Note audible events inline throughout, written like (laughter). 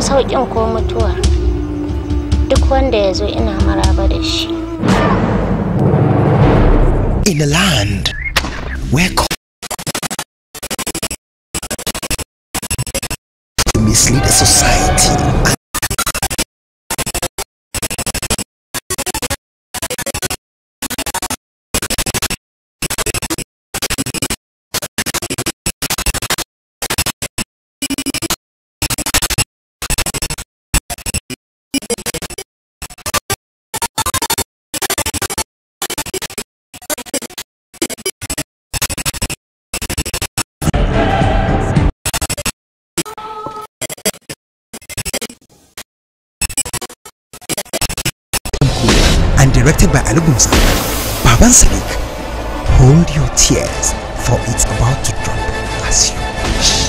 sauƙin ko mutuwa duk wanda ya zo ina maraba da shi in a land where directed by Ali Gumsa. Baban Sadiq, hold your tears for it's about to drop as you wish.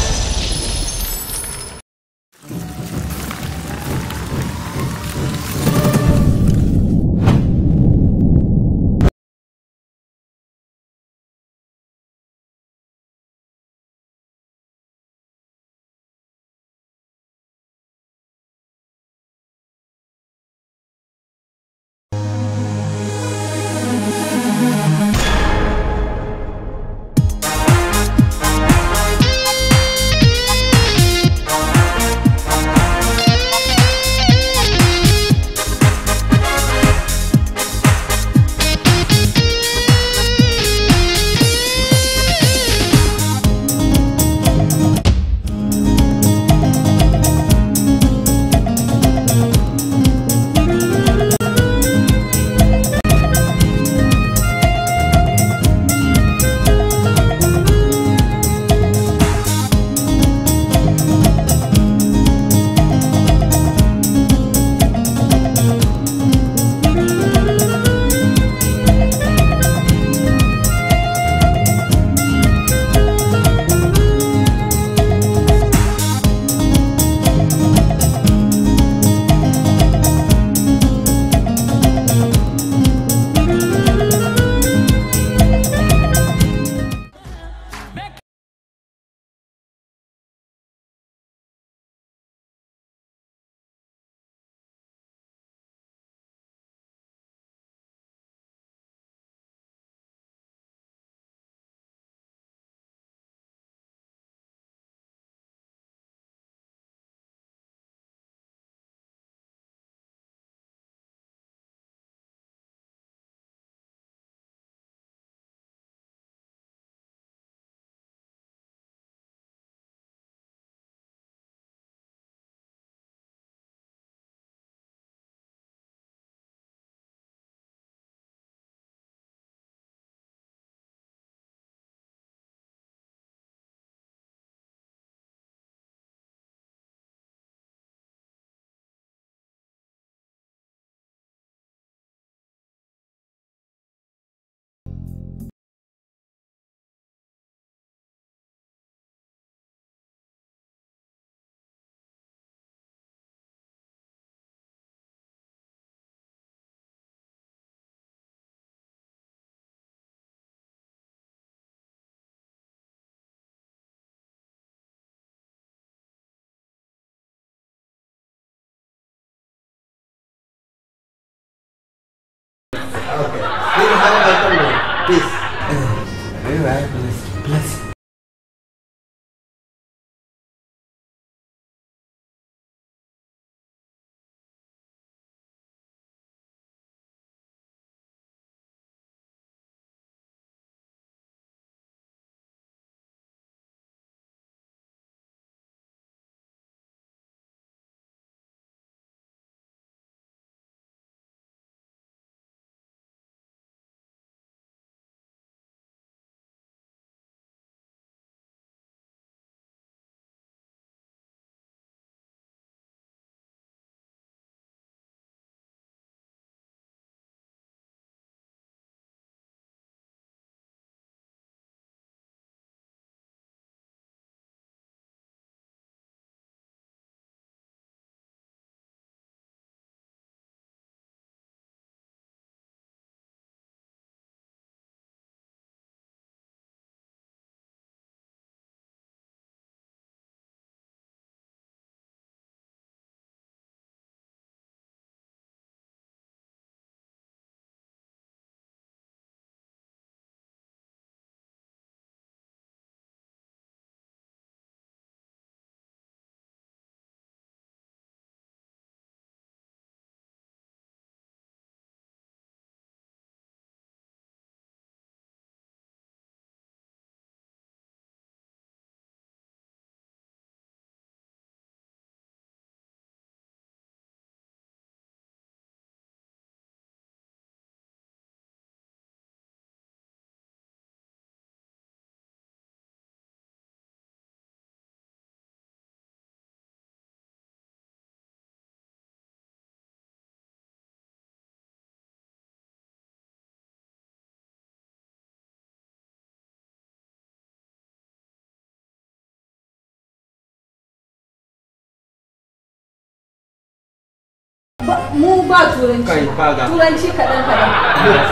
mu ba turanci kai ba ga turanci kadan kadan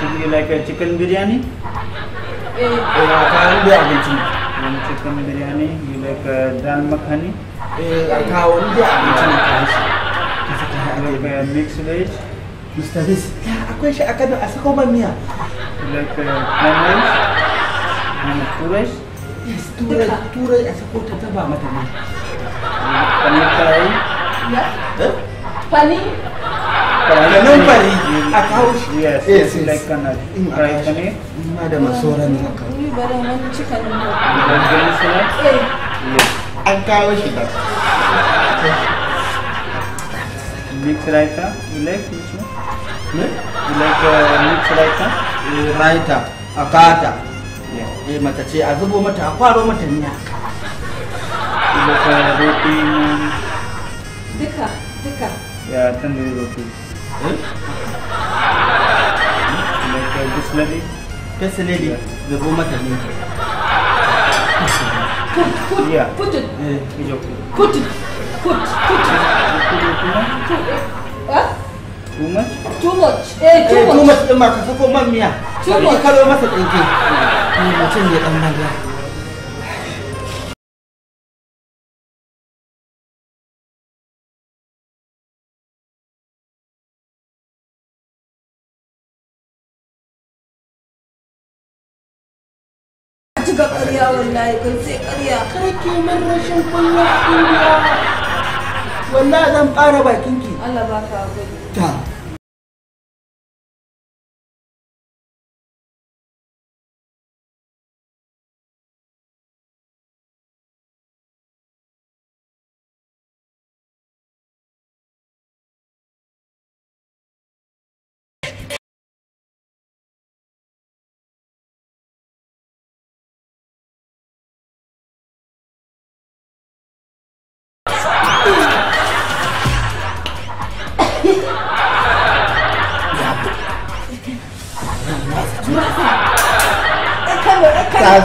cikin chicken biryani eh ina eh, kan da abinci wani chicken biryani you like uh, dal makhani eh ka wani da abinci ne kai shi kasa ta ga uh, mix veg Mr. This, akwai shi a Kano a sako ban miya. Like uh, lemons, turai? Yes, turai, turai a sako ta taba mata ne. Kamar kai? Yeah. Eh? Pani? Kanumfari a couch? Yes, yes, yes. like canal. In rice canal? Madam, sauran na ka. Ni bare nan chicken ne. Ban gani sala? Eh. Yes. An kawo shi da. Mix raita? You like this one? Ne? You like uh, mix raita? Raita, akata. Yeah. Eh ce a zubo mata a kwaro mata miya. Ilaka uh, roti duka. क्या तंदूरी रोटी बिस्लरी Bisleri da goma ta ne kudin kudin Too much? Too much. Eh, too much. Eh, too much ɗin ma ka fiko man miya. Too much. Kalo masa ɗinke. Mutum ne ɗan banza. cika ƙarya wallahi kan sai ƙarya karki min rashin kunya wallahi zan fara bakinki Allah baka hakuri ta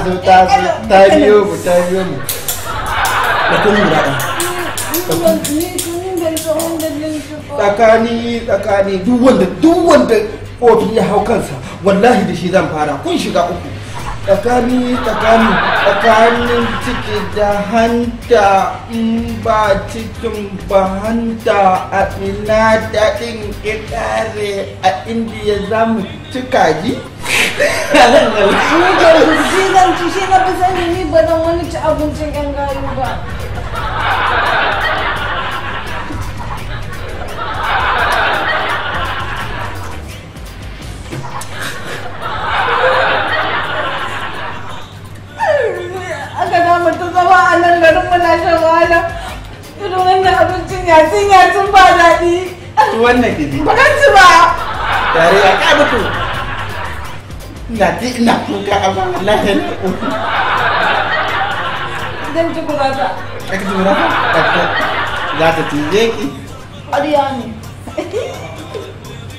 zo ta zo ta biyo mu ta biyo mu da kun guda tsakani tsakani duk wanda duk wanda kofi ya hau kansa wallahi da shi zan fara kun shiga uku tsakani tsakani tsakanin ciki da hanta in ba cikin ba hanta a ina daɗin ƙare a indiya za mu ci kaji shi zan ci shi na fi sani ni ba zan wani ci abincin yan gayu ba zama a nan garin muna shan wahala irin da abincin yatsun yatsun ba daɗi ki wannan ki bi ba kan ci ba tare ya kai mutu ina ji ina kuka amma Allah ya ni zan ta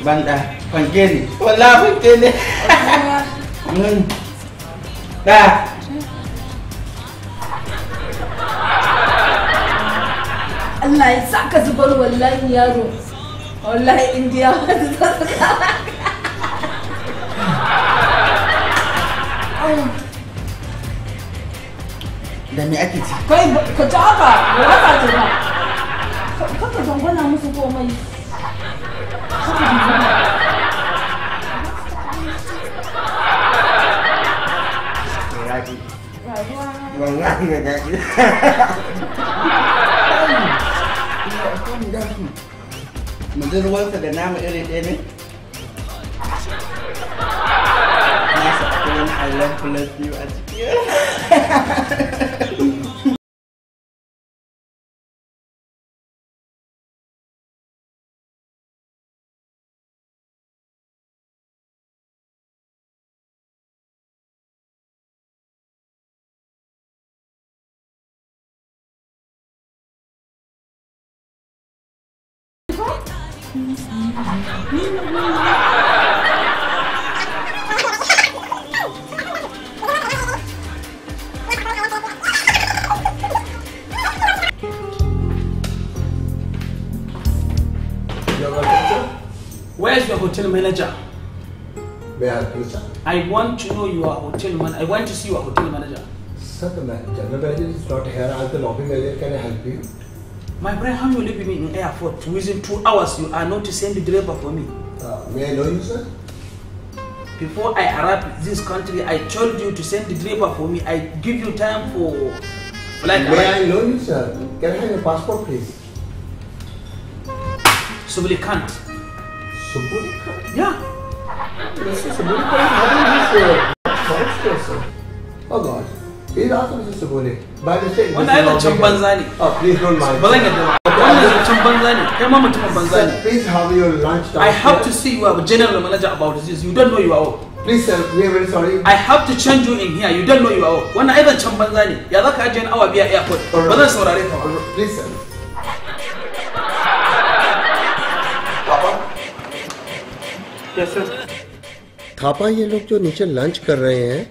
banda Allah ya saka zubar wallahi yaro wallahi indiya (laughs) da me ake ci kai ka ci haka ba haka ce ba kaka dangwana musu komai Wallahi ya daɗi. (laughs) da mu ji ruwansa da namu iri ɗaya ne nasa i love you Where's your hotel manager? sir? I want to know your hotel man. I want to see your hotel manager. Sir, the manager is not here. I'll be lobby Can I help you? My brother, how you leaving me in airport? Within two hours, you are not to send the driver for me. Uh, may I know you, sir? Before I arrive this country, I told you to send the driver for me. I give you time for flight. May arrive. I know you, sir? Can I have your passport, please? Subulikan. Subulikan. Yeah. This is Subulicant. How do you use your passport, sir? Oh, God. He's also Mr. Sabune. By mistake, When I was Chambanzani. Oh, please don't mind. Balanga Chambanzani. Please have your lunch time. I have to see you have a general manager about this. You don't know you are old. Please sir, we are very sorry. I have to change you in here. You don't know you are old. Wannan aidan can banza ne. Ya zaka ajiye awa biya airport. Ba zan saurare ka ba. Please sir. Papa. Yes sir. Thapa ये लोग जो नीचे लंच कर रहे हैं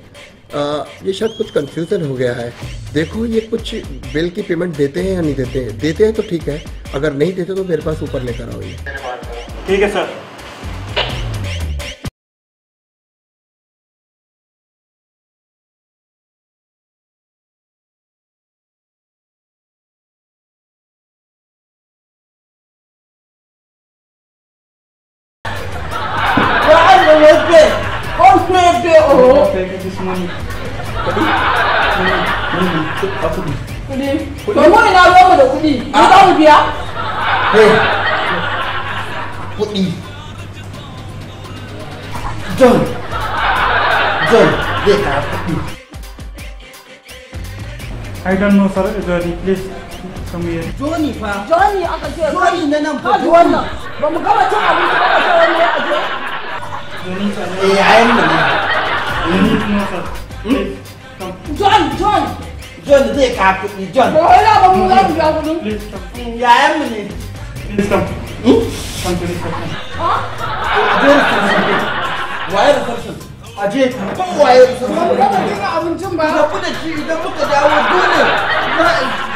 आ, ये शायद कुछ कंफ्यूजन हो गया है देखो ये कुछ बिल की पेमेंट देते हैं या नहीं देते हैं देते हैं तो ठीक है अगर नहीं देते तो मेरे पास ऊपर लेकर आओ ये ठीक है sir kuɗi a ina zo mu da kuɗi mu za mu biya kuɗi john john zai kara kuɗi I don't know sir, Johnny, please come here. Johnny fa. Johnny aka ce. Johnny na nan fa. Johnny wannan. Ba mu gama cin abinci ba ka ce ya aje. Johnny sir. Eh, ayan nan. Johnny sir. John, John. John zai ka kuɗi John. Ba wai za mu za mu biya kuɗi. Yayan mu ne. Please come. Come to reception. Aje reception. Waye reception? Aje ban waye reception. Ba mu gama abincin ba. Ba ku da shi idan muka dawo dole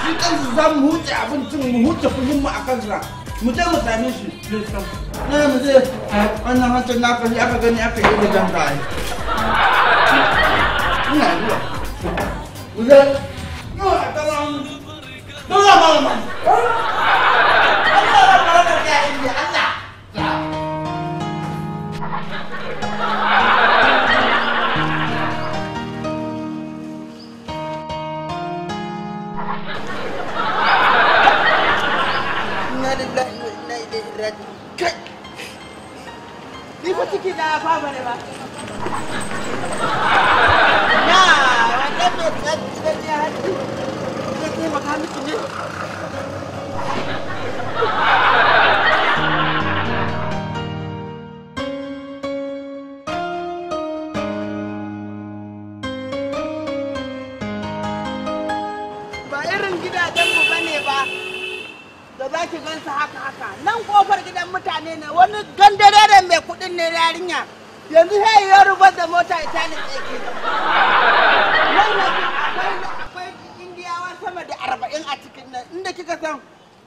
shi kansa za mu huce abincin mu huce kuɗin mu a kansa. Mu je mu same shi. Na mu je. Wannan hancin na kalli aka gani aka yi da jan ra'ayi. Ina zuwa. Mu je. Oh, nan inda kika san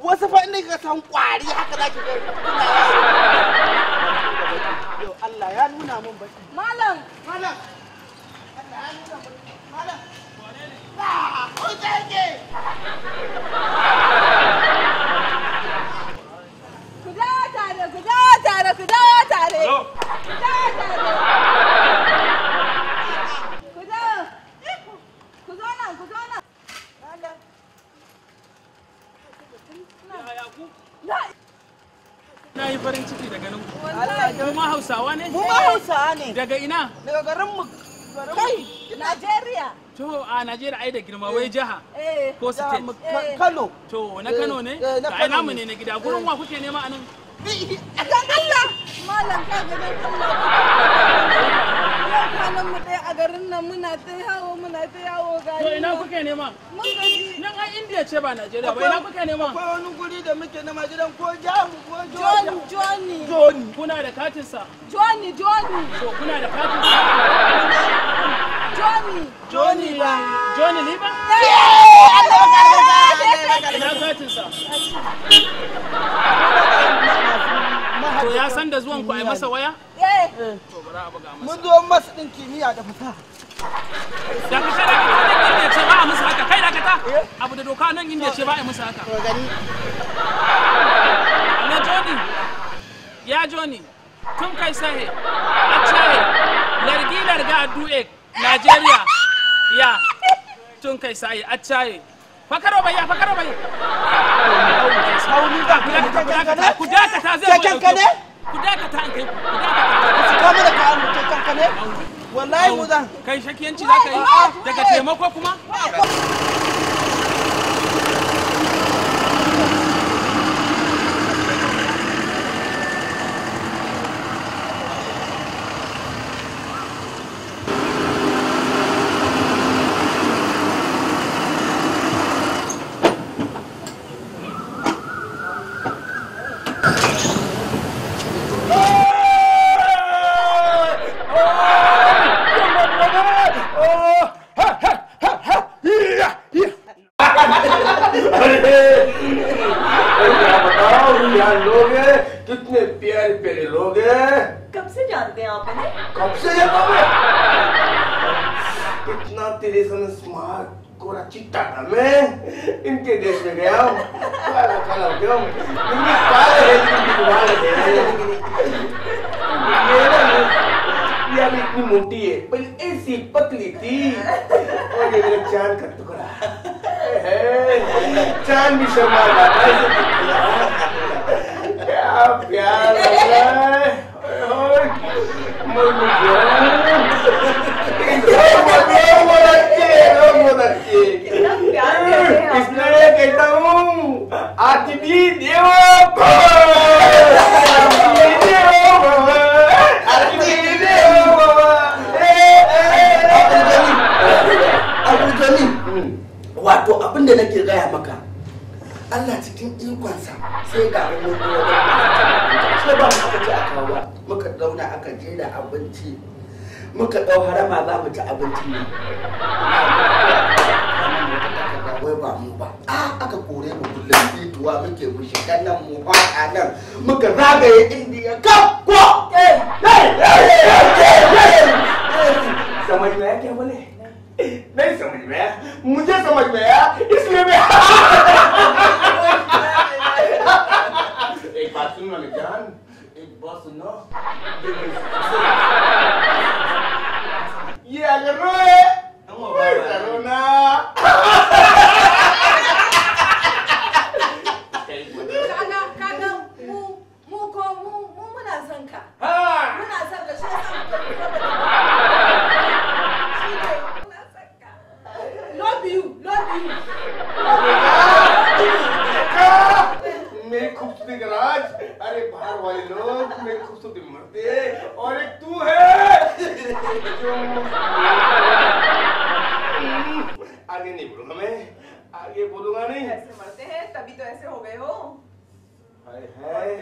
wasu fa inda kika san kwari haka za ki ga yo Allah ya nuna mun baki malam malam Allah ya nuna mun malam Ku dawo tare, ku dawo tare, ku dawo tare! Ku dawo tare! na yi farin ciki da ganin Hausawa ne? Mu Hausawa ne. Daga ina? Daga garin mu. Kai, Najeriya. To a Najeriya ai da girma wai eh. jiha. Eh, Ko state. Eh. Kano. To na Kano ne? Na Kano ne. ne na gida. Gurin wa kuke nema anan? A (laughs) Allah. Malam ka ga (laughs) Kwanan mu ɗaya a garin nan muna ta yawo muna ta yawo ga To ina kuke nema? Mun gaji. Nan ai Indiya ce ba Najeriya ba ina kuke nema? Akwai wani guri da muke nema gidan ko Jamu ko Joni. Joni. Joni. Kuna da katin sa? Joni Joni. To kuna da katin sa? Joni. Joni ba. Joni ne ba? Ina katin sa? To ya san da zuwan ku ai masa waya? mun zo masu ɗin kimiyya da fita da ka shara ka nan inda ce ba a musu haka kai dakata abu da doka nan inda ce ba a musu haka na joni ya joni tun kai sahe a cire largi larga a du'e najeriya ya tun kai sahe a cire fakaro bai ya fakaro bai ku dakata zai zo ku dakata an kai ku dakata ka mana kayan mutum kanka ne wallahi mu zan kai shakiyanci za ka yi daga taimako kuma piada, né? Vamos daqui, vamos daqui. Espera que então atibide o Wato abin da nake gaya maka, Allah cikin ikonsa sai ga wani aka je da abinci muka ɗau harama za mu ci abinci ne wai ba mu ba a aka kore mu kullum fituwa muke mu shiga nan mu faɗa nan muka zagaye indiya kakko samari ya isle mai ba it busting enough. (laughs) yeah, you're right. I'm भाई लोग मेरी खूबसूरती मरते और एक तू है आगे नहीं बोलूंगा मैं आगे बोलूंगा नहीं ऐसे मरते हैं तभी तो ऐसे हो गए हो हाय हाय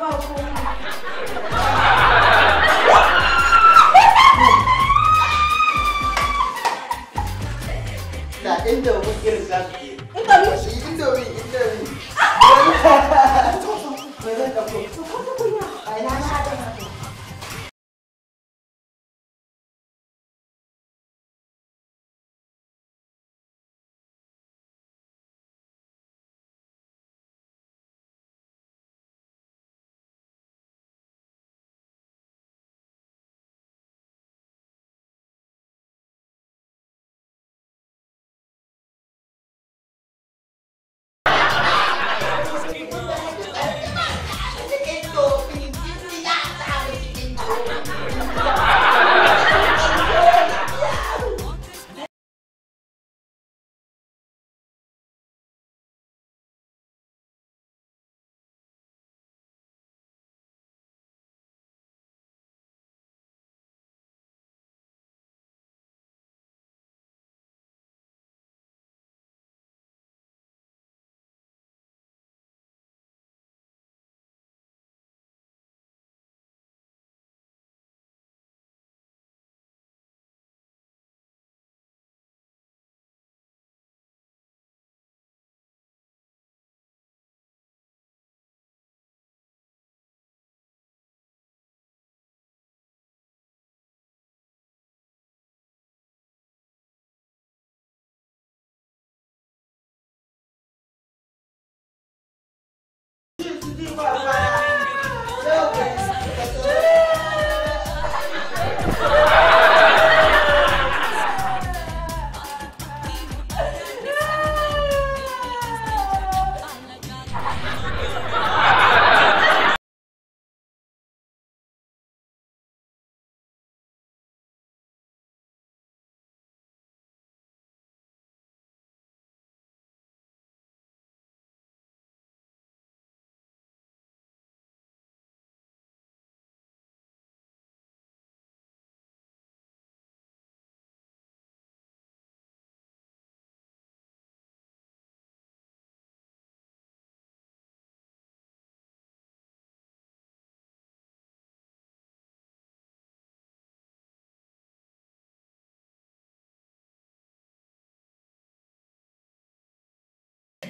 报出 Da inda mun irin Wani. Ko ko ko ko ko ko ko ko ko ko ko ko ko ko ko ko ko ko ko ko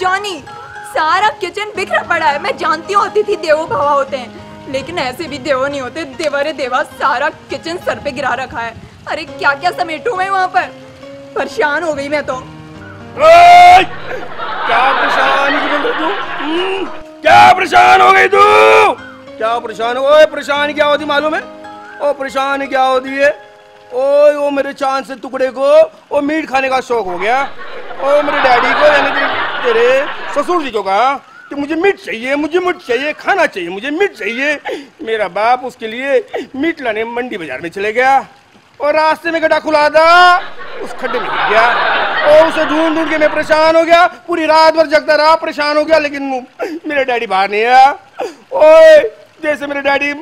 Johnny सारा किचन बिखरा पड़ा है मैं जानती हूँ अतिथि देवो भावा होते हैं लेकिन ऐसे भी देवो नहीं होते देवरे देवा सारा किचन सर पे गिरा रखा है अरे क्या क्या समेटू मैं वहाँ पर परेशान हो गई मैं तो क्या परेशान हम्म। क्या परेशान हो गई तू क्या परेशान हो परेशान क्या होती मालूम है ओ परेशान क्या होती है ओ ओ मेरे चांद से टुकड़े को ओ मीट खाने का शौक हो गया ओ मेरे डैडी को यानी तेरे ससुर जी को कहा कि मुझे मीट चाहिए मुझे मीट चाहिए खाना चाहिए मुझे मीट चाहिए मेरा बाप उसके लिए मीट लाने मंडी बाजार में चले गया और रास्ते में गड्ढा खुला था उस खड्डे में गया और उसे ढूंढ ढूंढ के मैं परेशान हो गया पूरी रात भर जगता रहा परेशान हो गया लेकिन मेरे डैडी बाहर नहीं आया ओए जैसे मेरे डैडी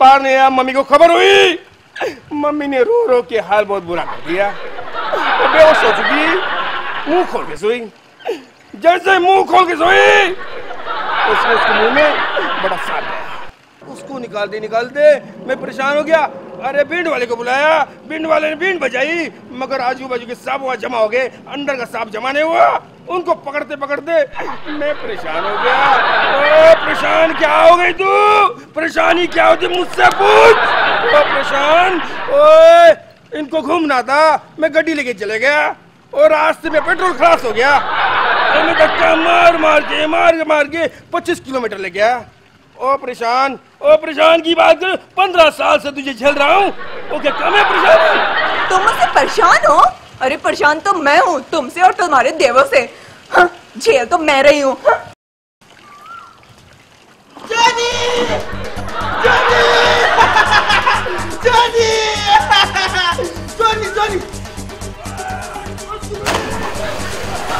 बाहर नहीं आया मम्मी को खबर हुई मम्मी ने रो रो के हाल बहुत बुरा कर दिया बेहोश हो चुकी मुंह खोल के सोई जैसे मुंह खोल के सोई उसने उसके मुंह में बड़ा सा उसको निकाल दे निकाल दे मैं परेशान हो गया अरे बिंड वाले को बुलाया बिंड वाले ने बिंड बजाई मगर आजू बाजू के सांप वहां जमा हो गए अंदर का सांप जमा नहीं हुआ उनको पकड़ते पकड़ते मैं परेशान हो गया ओ परेशान क्या हो गई तू परेशानी क्या होती मुझसे पूछ ओ परेशान ओए इनको घूमना था मैं गड्डी लेके चले गया और रास्ते में पेट्रोल खलास हो गया तो धक्का मार मार के मार मार के पच्चीस किलोमीटर ले गया ओ परेशान ओ परेशान की बात कर पंद्रह साल से तुझे झेल रहा हूँ ओके कम है परेशान तुम मुझसे परेशान हो अरे परेशान तो मैं हूँ तुमसे और तुम्हारे देवों से हाँ, झेल तो मैं रही हूँ Johnny! Johnny! Johnny!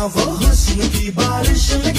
Hava hırsını que işine